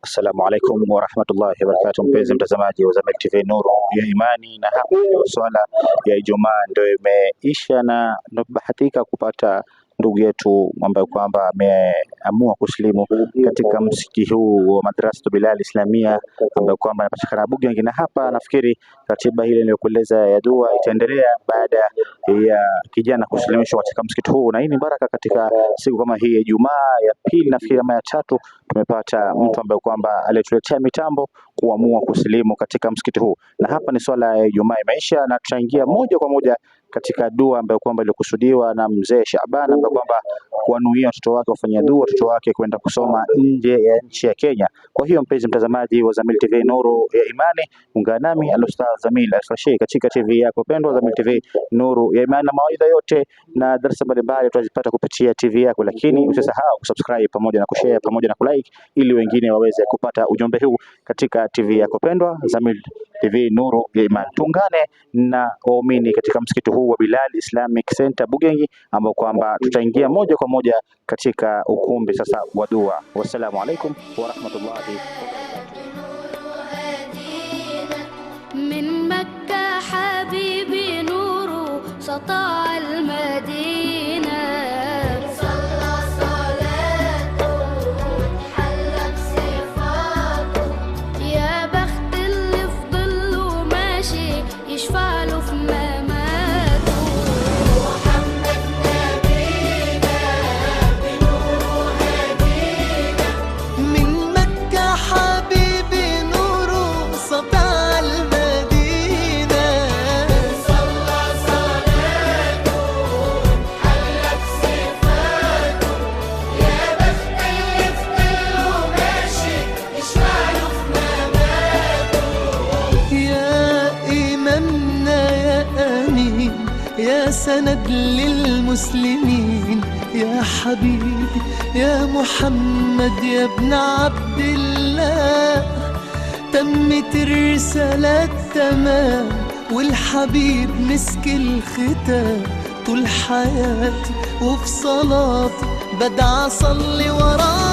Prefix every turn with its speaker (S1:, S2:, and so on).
S1: Assalamu alaikum warahmatullahi wabarakatu mpenzi mtazamaji wa Zamalek TV Nuru ya Imani, na hapa swala ya Ijumaa ndio imeisha na bahatika kupata ndugu yetu ambaye kwamba ameamua kusilimu katika msikiti huu wa Madrasatu Bilal Islamia ambayo kwamba anapatikana Bugengi, na hapa nafikiri ratiba ile niliyokueleza ya dua itaendelea baada ya kijana kusilimishwa katika msikiti huu, na hii ni baraka katika siku kama hii ya Ijumaa ya pili nafikiri ama ya tatu tumepata mtu ambaye kwamba alituletea mitambo kuamua kusilimu katika msikiti huu, na hapa ni swala ya Ijumaa imeisha, na tutaingia moja kwa moja katika dua ambayo kwamba ilikusudiwa na mzee Shaban ambaye kwamba kuwanuia watoto wake wafanya dua watoto wake kwenda kusoma nje ya nchi ya Kenya. Kwa hiyo mpenzi mtazamaji wa Zamil TV Nuru ya Imani, ungana nami Alustadh Zamil Alfashi katika TV yako pendwa Zamil TV Nuru ya Imani, na mawaidha yote na darasa mbalimbali tutazipata kupitia TV yako, lakini usisahau kusubscribe pamoja na kushare pamoja na kulike like ili wengine waweze kupata ujumbe huu katika TV yako pendwa Zamyl TV Nuru Iman. Tuungane na waumini katika msikiti huu wa Bilal Islamic Center Bugengi, ambao kwamba tutaingia moja kwa moja katika ukumbi sasa wa dua. Wassalamu alaikum wa rahmatullahi wa barakatuh. ich fall auf mich. يا سند للمسلمين يا حبيبي يا محمد يا ابن عبد الله تمت الرسالة تمام والحبيب مسك الختام طول حياتي وفي صلاتي بدعى أصلي وراه